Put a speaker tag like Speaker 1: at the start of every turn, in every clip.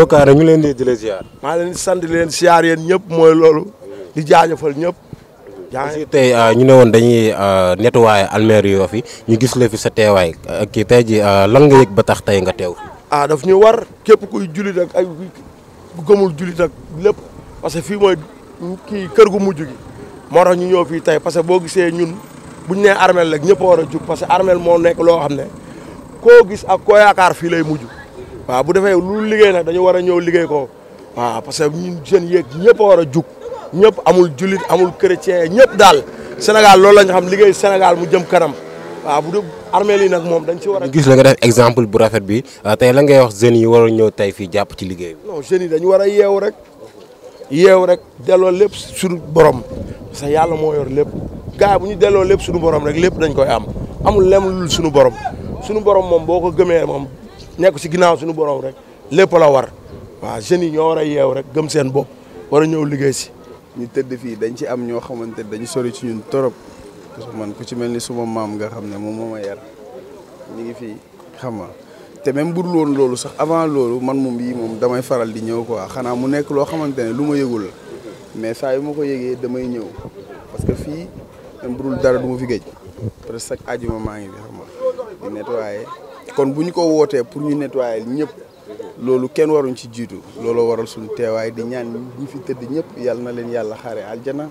Speaker 1: a ñu leen di di la ziar. maa leen di sant di leen ziar yéen ñëpp mooy loolu. di jaajëfal ñëpp. jaajëf
Speaker 2: tey euh, ñu ne woon dañuy euh, nettoyer almeer yoo fi ñu gis la fi sa teewaay euh, kii tey ji lan nga yëg ba tax tey nga teew.
Speaker 1: ah daf ñu war képp ku julit ak ay bu gëmul julit ak lépp parce que fii mooy kii kër gu mujj gi. moo tax ñu ñëw fii tey parce que boo gisee ñun buñ nee armeel rek ñëpp war a jug parce que armel moo nekk loo xam ne koo gis ak koo yaakaar fii lay mujj. waaw bu defee lu liggéey nag dañu war a ñëw liggéey ko waaw parce que ñun jeunes yeeg ñëpp a war a jug ñëpp amul julit amul chrétien ñëpp daal Sénégal loolu la xam liggéey Sénégal mu jëm kanam waaw bu dee armée nag moom dañ si war a. gis la nga def
Speaker 2: exemple bu rafet bi tey la ngay wax jeunes yi a ñëw tey fii jàpp ci liggéey bi.
Speaker 1: non jeunes dañu war a yeew rek yeewu rek delloo lépp suñu borom parce yàlla moo yor lépp gars bu ñu delloo lépp suñu borom rek lépp dañ koy am amul lem lul suñu borom suñu borom moom boo ko gëmee moom nekk si ginnaaw suñu borom rek lépp la war waa jeunes yi ñoo war a yeew rek gëm seen bopp war a ñëw liggéey si.
Speaker 3: ñu tëdd fii dañ ci am ñoo xamante ne dañu sori ci ñun torop parce man ku ci mel ni suma maam nga xam ne moom moo ma yar ñu ngi fii xam nga te même bu dul loolu sax avant loolu man moom yii moom damay faral di ñëw quoi xanaa mu nekk loo xamante ne lu ma yëgul mais saa yu ma ko yëgee damay ñëw parce que fii même bu dara du ma fi géej parce que chaque àjjuma maa ngi fi xam nga kon bu ñu ko wootee pour ñu nettoyer ñëpp loolu kenn waruñ ci jiitu loolu waral suñu teewaay di ñaan ñi fi tëdd ñëpp yàlla na leen yàlla xaare aljana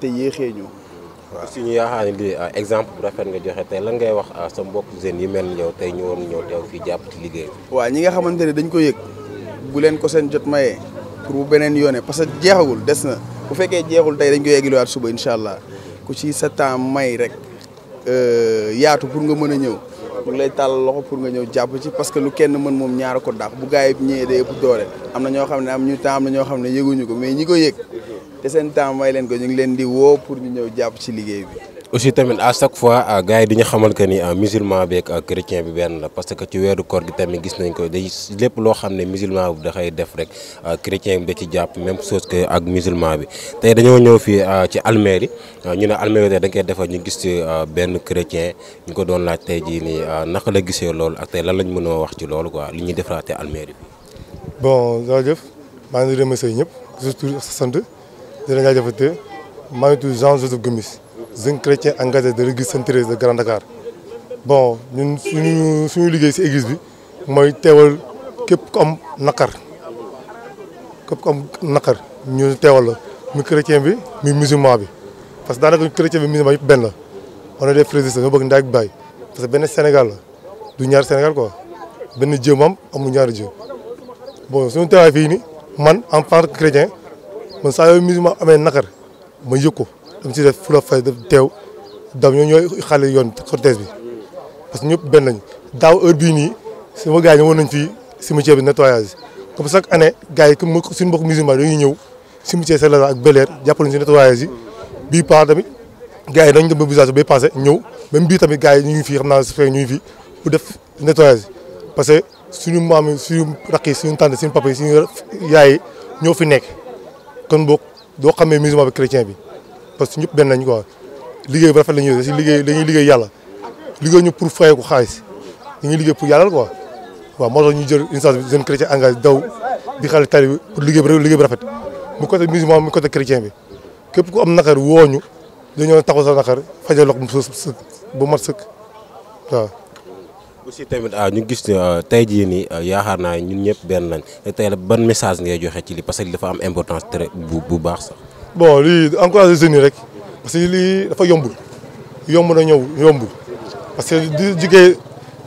Speaker 3: te yéexee ñu
Speaker 2: waa si ñu yaakaar ni li ah, exemple bu rafet nga joxe tey lan ngay wax ah, sa mbokk jeunes yi mel ni tey ñu ñëw teew fii jàpp ci liggéey waaw
Speaker 3: ñi nga xamante ne dañ ko yëg bu leen ko seen jot mayee pour bu beneen yoone parce que jeexagul des na bu fekkee jeexul tey dañ ko yeggiliwaat suba incha allah ku ci sa temps may rek euh, yaatu pour nga mën a ñëw ñu ngi lay tàllal loxo pour nga ñëw jàpp ci parce que lu kenn mën moom ñaara ko dàq bu gars yi ñëwee day ëpp doole am na ñoo xam ne am ñu temps am na ñoo xam ne yëguñu ko mais ñi ko yëg te seen temps may leen ko ñu ngi leen di woo pour ñu ñëw jàpp ci liggéey bi
Speaker 2: aussi tamit à chaque fois euh, gars yi di ñu xamal que ni euh, musulman bi ak euh, chrétien bi benn la parce que ci weeru koor gi tamit gis nañ ko day lépp loo xam ne musulman bi dafay def rek chrétien bi da ci jàpp même chose que ak musulman bi tey dañoo ñëw fii ci alméeri ñu ne alméeri tey dañ koy defar ñu gis ci benn chrétien ñu ko doon laaj tey jii nii naka la gisee loolu ak tey lan lañ mën a wax ci loolu quoi li ñuy defaraatee alméeri
Speaker 4: bi. bon jaajëf maa ngi remercier ñëpp surtout sant di la jaajëfate maa ngi tudd Jean Joseph jeunes chrétiens engagés de l'église Sainte-Thérèse de Grand Dakar bon ñun suñu liggéey si église bi mooy teewal képp comme nakar naqar képp ku am naqar ñu teewal la muy chrétien bi muy musulman bi parce que daanaka chrétien bi musulman yëpp benn la on de des frères et sœurs ñoo bëgg ndaay ak baay parce que benn Sénégal la du ñaar Sénégal quoi benn Dieu moom amul ñaar Dieu bon suñu teewaay fii ni man en tant que chrétien man saa yooyu musulman amee naqar ma yëg ko dañ si def fula fay def teew daw ñoo ñooy xale yoon cortège bi parce que ñëpp benn lañ daaw bii nii sama gars yi ñëwoon nañ fii cimetière bi nettoyage comme chaque année gars yi comme suñu mbokk musulman dañuy ñëw cimetière Saint-Lazare ak Bel Air jàppale ñu si nettoyage yi bii paa tamit gars yi dañ dem ba visage bay passé ñëw même bii tamit gars yi ñu ngi fii xam naa su fekkee def nettoyage parce que suñu maam yi suñu rakk yi tànn suñu papa yi yaay ñoo fi nekk kon boog doo xamee musulman bi chrétien bi parce que ñëpp benn lañ ko liggéey bu rafet la ñuy def si liggéey dañuy liggéey yàlla liggéey ñu pour fayee ko xaalis dañuy liggéey pour yàlla quoi waaw moo tax ñu jël instance bi jeune chrétien engagé daw di xale tari bi pour liggéey bu liggéey bu rafet mu côté musulman mu côté chrétien bi képp ku am naqar wooñu dañoo taxaw sa naqar fajal lox mu së bu mat sëkk waaw
Speaker 2: aussi tamit ah, ñu gis ne ah, tey jii nii ah, yaakaar naa ñun ñëpp benn lañ te la ban message ngay joxe ci li parce que dafa am importance très bu bu baax
Speaker 4: sax bon lii encouragé jeunes yi rek parce que lii dafa yombul yomb na ñëw yombul parce que di jige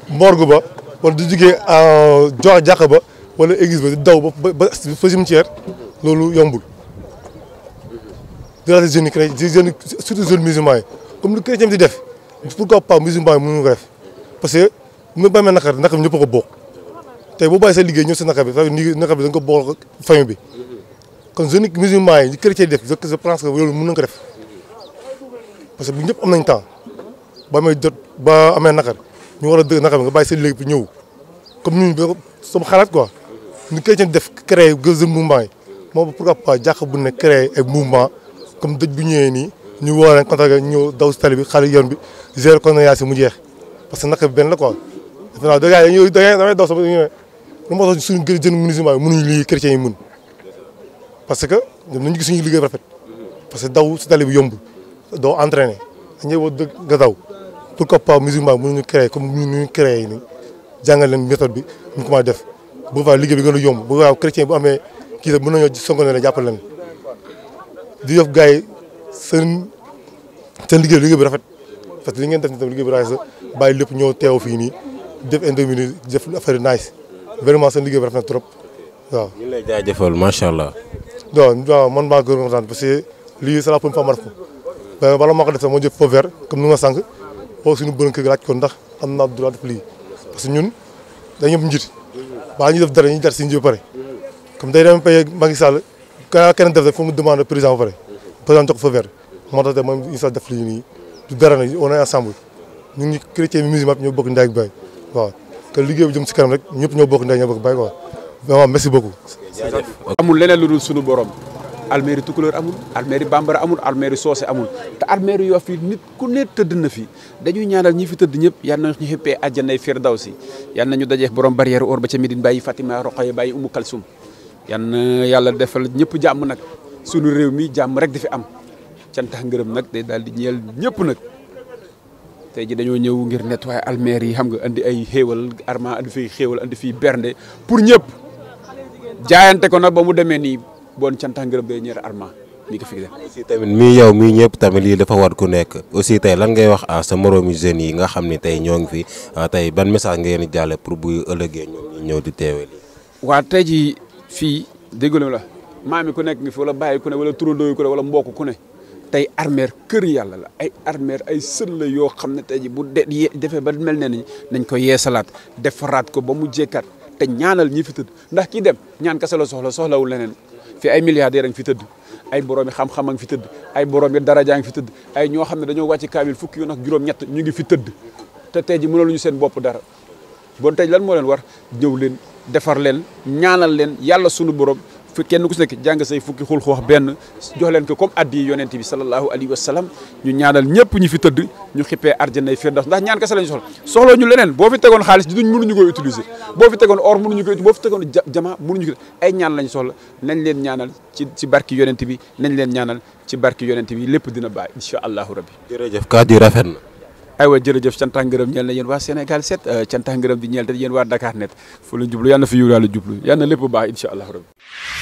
Speaker 4: morgue ba wala di jugee euh, jox jàq ba wala église ba di daw ba ba fa cimetière loolu yombul. di laajte jeunes yi chrétien jeunes surtout jeunes musulmans yi comme lu chrétien di def pourquoi pas musulman yi mënuñu def parce que bu ñu bàmmee naqar naqar bi ñëpp ko bokk tey boo bàyyi sa liggéey ñëw sa naqar bi naqar bi da nga bo bokkal bi. kon jeunes musulman yi chrétien def je pense que loolu mën na ko def parce que bu ñëpp am nañ temps ba amee jot ba amee naqar ñu war a dëgg naqar bi nga bàyyi seen léegi ñëw comme ñun ba sama xalaat quoi ni chrétien def créé jeune mouvement yi moom pourquoi pas jàq bu ne créé ay mouvement comme dëj bu ñëwee nii ñu woo leen contact ñëw daw si tali bi bi gérer condoléances mu jeex parce que naqar bi benn la quoi defe naa da parce que ñoom nañu gis suñu liggéey rafet parce que daw si tali bi yomb doo entraîné ñëw dëgg nga daw que pas musulman mënuñu créé comme ñu ñu créé ni jàngal leen méthode bi ko commencé def boo faa liggéey bi gën a yomb bu faa chrétien bu amee kii mën nañoo songo ne jàppale leen di def gars yi seen seen liggéey liggéey bi rafet parce que li ngeen def ni tam liggéey bi rafet sa bàyyi lépp ñëw teew fii nii def indomie def affaire nice vraiment seen liggéey bi rafet na trop waaw. ñu lay
Speaker 2: jaajëfal allah.
Speaker 4: non man maa gën a kontaan parce que lii c'est ma def ko bala maa ko def sax moo jëf feu vert comme ni ma sànq foofu suñu borom kër gi laaj ko ndax am naa droit def lii parce que ñun dañu am njiit ñu def dara ñu jar si njiit ba pare comme day dem paye Macky Sall ka kenn def rek mu demande président ba pare président jox ko feu vert moo tax te moom insa def lii nii du dara nag on ñun ñu chrétien bi musulman ñoo bokk ndey ak baay waaw te liggéey bi jëm si kanam rek ñëpp ñoo bokk ndey ñoo bokk baay quoi vraiment messi beaucoup.
Speaker 5: amul leneen lu dul sunu borom. almeeri tukulóor amul almeeri bambara amul almeeri soose amul te almeeri yoo fi nit ku ne tëdd na fi dañuy ñaanal ñi fi tëdd ñëpp yal na ñu xëppee àjjanay firdawsi yal na ñu dajee borom barrière or ba ca Médine bàyyi Fatima Roqoye bàyyi Umu Kalsum yal na yàlla defal ñëpp jàmm nag sunu réew mi jàmm rek di fi am cantax ngërëm nag day daal di ñeel ñëpp nag tey ji dañoo ñëw ngir nettoyer almeeri yi xam nga andi ay xéewal arma andi fiy xéewal andi fiy bernde pour ñëpp. jaayante ko nag ba mu demee nii bon cantax ngërëm day ñeer Arma mi ko fi aussi tamit
Speaker 2: mii yow mii ñëpp tamit yi dafa wat ku nekk aussi tey lan ngay wax à sa moroomi jeunes yi nga xam ne tey ñoo ngi fi ah, tey ban message nga leen di jàlle pour bu ëllëgee ñu ñëw di
Speaker 5: teewee lii. tey jii fii déglu la maam mi ku nekk ngi fi wala bàyyi ku ne wala turandoo yi ku ne wala mbokk ku ne tey armeer kër yàlla la ay armeer ay sën la yoo xam ne tey ji bu de defee ba mel nee nañ nañ ko yeesalaat defaraat ko ba mu jekkaat te ñaanal ñi fi tëdd ndax kii dem ñaan kese la soxla soxlawul leneen fi ay milliardaires a fi tëdd ay borom yi xam-xam a ngi fi tëdd ay borom yi daraja a fi tëdd ay ñoo xam ne dañoo wàcc kaamil fukki yoon ak juróom-ñett ñu ngi fi tëdd te tey ji mënaluñu seen bopp dara bon tey lan moo leen war ñëw leen defar leen ñaanal leen yàlla sunu borom kenn ku si jàng say fukki xul xoox benn jox leen ko comme addi yonent bi sallallahu alayhi wa ñu ñaanal ñëpp ñu fi tëdd ñu xippee arjanay firdaws ndax ñaan kese lañu soxla soxla ñu leneen boo fi tegoon xaalis duñ mënuñu koy utiliser boo fi tegoon or mënuñu koy boo fi tegoon jama mënuñu ko ay ñaan lañu soxla nañ leen ñaanal ci ci barki yonent bi nañ leen ñaanal ci barki yonent bi lépp dina bàyyi incha allahu rabbi jërëjëf kàddu yi rafet na aywa jërëjëf cantax ngërëm ñeel na yéen waa Sénégal set euh, cantax ngërëm di ñeel te yéen waa Dakar net fu la jublu na fi yiw yàlla jublu yàlla na lépp baax incha allahu rabbi